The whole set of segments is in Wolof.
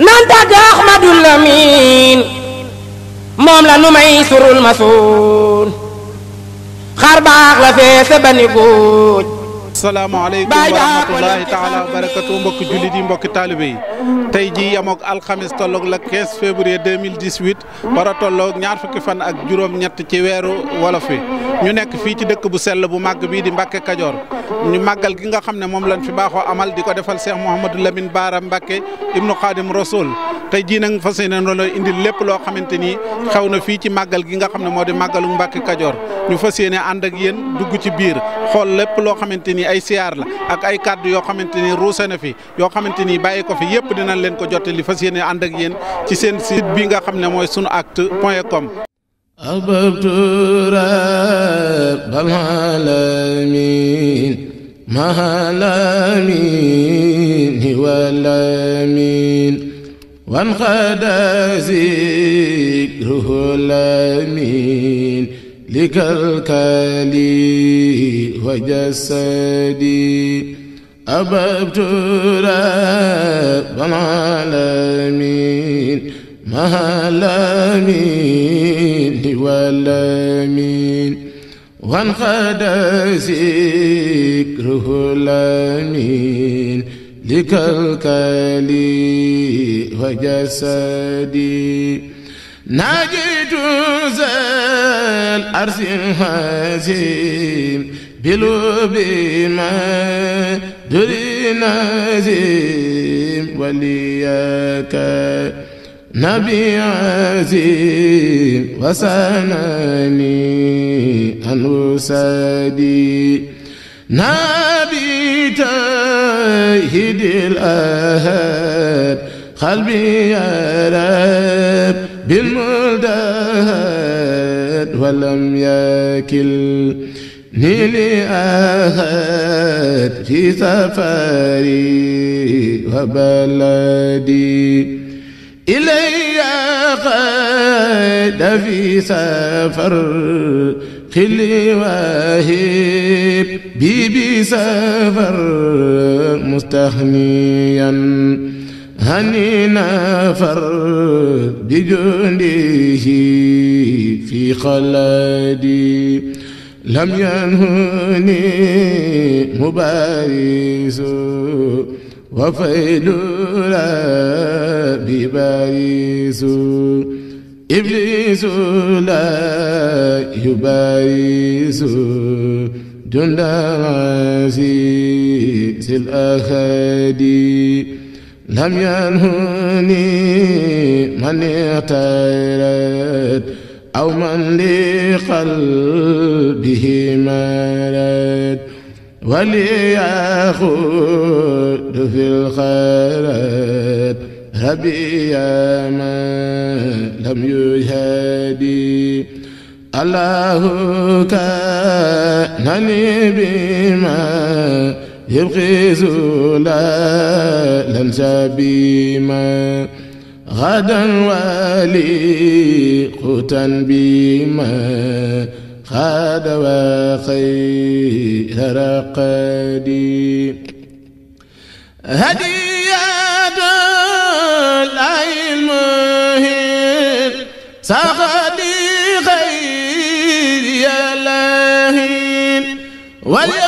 nan tàgg Ahmadul Lamin moom la nu may surul masuun xar baax la feese ba ni góoj asalaamaaleykum wa rahmatullahi taala wa barakatu mbokki jullit yi mbokki taalibe yi tey jii yamoog alxamis tolloog la 15 février 2018 war a tolloog ñaar fukki fan ak juróom-ñett ci weeru wolof wi ñu nekk fii ci dëkk bu sell bu màgg bii di mbakke Kajoor ñu màggal gi nga xam ne moom lañ fi baaxoo amal di ko defal Cheikh Mouhamadou Lamine Baara Mbàkke ibnu Xaadim Rasul tey jii nag fas yéene loolu indil lépp loo xamante ni xew na fii ci màggal gi nga xam ne moo di màggalu Mbàkke Kajoor ñu fas yéene ànd ak yéen dugg ci biir loo xamante ni ay siyaar la ak ay kàddu yoo xamante ni ruuse na fi yoo xamante ni bàyyi ko fi yëpp dinañ leen ko jottali fas yéene ànd ak yéen ci seen site bi nga xam ne mooy sunuactu point com. أحببت رب العالمين مع الأمين والأمين وانقضى ذكره لكالكال وجسدي أببت رب العالمين مع الأمين والأمين وانقاد ذكره الأمين لكالكال وجسدي ناجيت زال أرسم هزيم بلوب ما دري نازيم ولياك نبي عزيم وسناني أنه سادي نبي تهدي الأهد قلبي يا رب بالمدد ولم يكلني لأحد في سفري وبلدي إلي قد في سفر خلي واهب بي بسفر مستهنيا هنينا فرد جنده في خلدي لم ينهني مبارز وفيل ربي بارز إبليس لا يبارز جند عزيز الأخدي لم ينهني من اغتيرت أو من لقلبه مرد وليأخذ في الخيرات ربي يا من لم يجهدي الله كانني بما يلقي زلالا سبيما غدا ولي قوتا بما خاد وخير قدي هدية العلم سقدي خير يلاهين ولي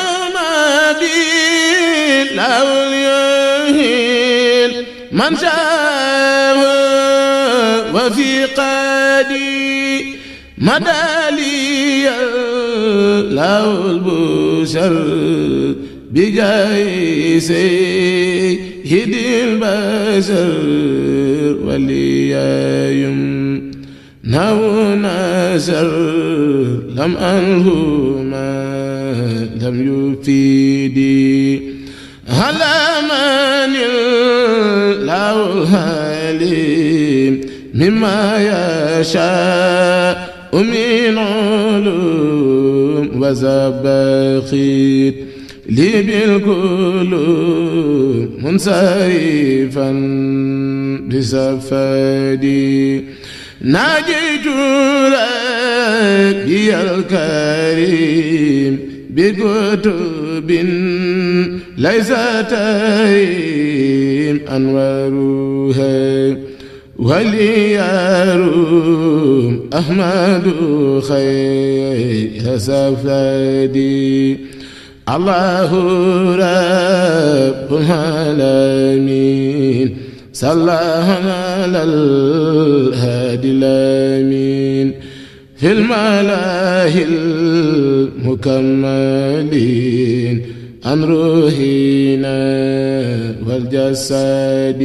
مدالي له البشر بجاي سيد البشر وليا يمنى نو نزل لم أنه ما لم يفيدي هلا من الله عليم مما يشاء من علوم وزبخيت لي بالقلوب منصرفا بسفدي ناجيت ربي الكريم بكتب ليس تهيم أنوارها وليروم أحمد خير سفادي الله رب العالمين صلى على الهادي الامين في الملاه المكملين عن روحنا والجسد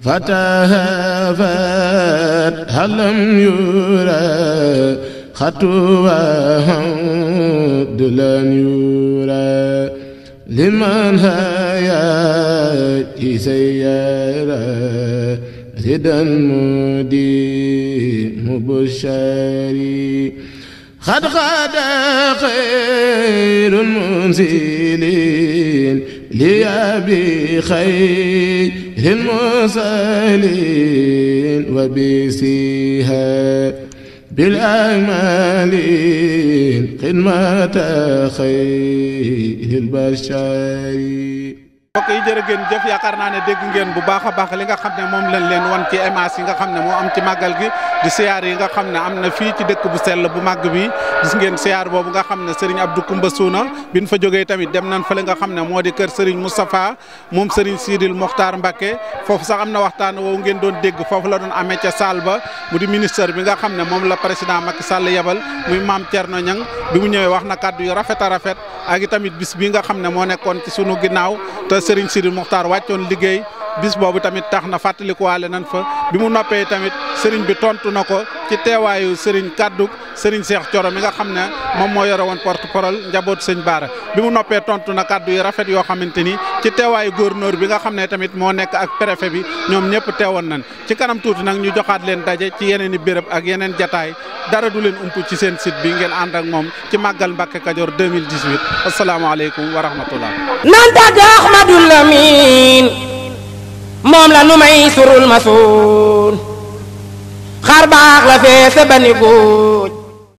فتهافت هل لم يرى خطوه دلن يرى لمن هافت الحياة سيارة سيدا المدير مبشري قد غاد خير المنزلين ليابي خير المرسلين وبسيها بالأمال خدمة خير البشر mbokk yi jërë ngeen jëf yaakaar naa ne dégg ngeen bu baax baax li nga xam ne moom lañ leen wan ci émage yi nga xam ne moo am ci màggal gi di siyaar yi nga xam ne am na fii ci dëkk bu sell bu màgg bi gis ngeen siyaar boobu nga xam ne Serigne Abdou Koumba Suuna biñ fa jógee tamit dem nañ fa li nga xam ne moo di kër Serigne Moustapha moom Serigne Sidil Mokhtar Mbacké foofu sax am na waxtaan woowu ngeen doon dégg foofu la doon amee ca salle ba mu di ministre bi nga xam ne moom la président Macky Sall yebal muy Mame Thierno Niang bi mu ñëwee wax na kàddu yu rafet a rafet ak tamit bis bi nga xam ne moo nekkoon ci sunu ginnaaw Serigne Sidi Mokhtar wàccoon liggéey bis boobu tamit tax na fàttalikuwaale nan fa bi mu noppee tamit sëriñ bi tontu na ko ci teewaayu sëriñ kàdduk sëriñ Cheikh Thioro mi nga xam ne moom moo yore woon porte parole njaboot sëñ Baara bi mu noppee tontu na kàddu yi rafet yoo xamante ni ci teewaayu gouverneur bi nga xam ne tamit moo nekk ak préfet bi ñoom ñëpp teewoon nañ ci kanam tuuti nag ñu joxaat leen daje ci yeneen i béréb ak yeneen jataay dara du leen ump ci seen site bi ngeen ànd ak moom ci màggal Mbàkke Kajoor 2018 asalaamaaleykum wa rahmatullah. moom la nu may surul ma suun xar baax la fee se ba ni guuj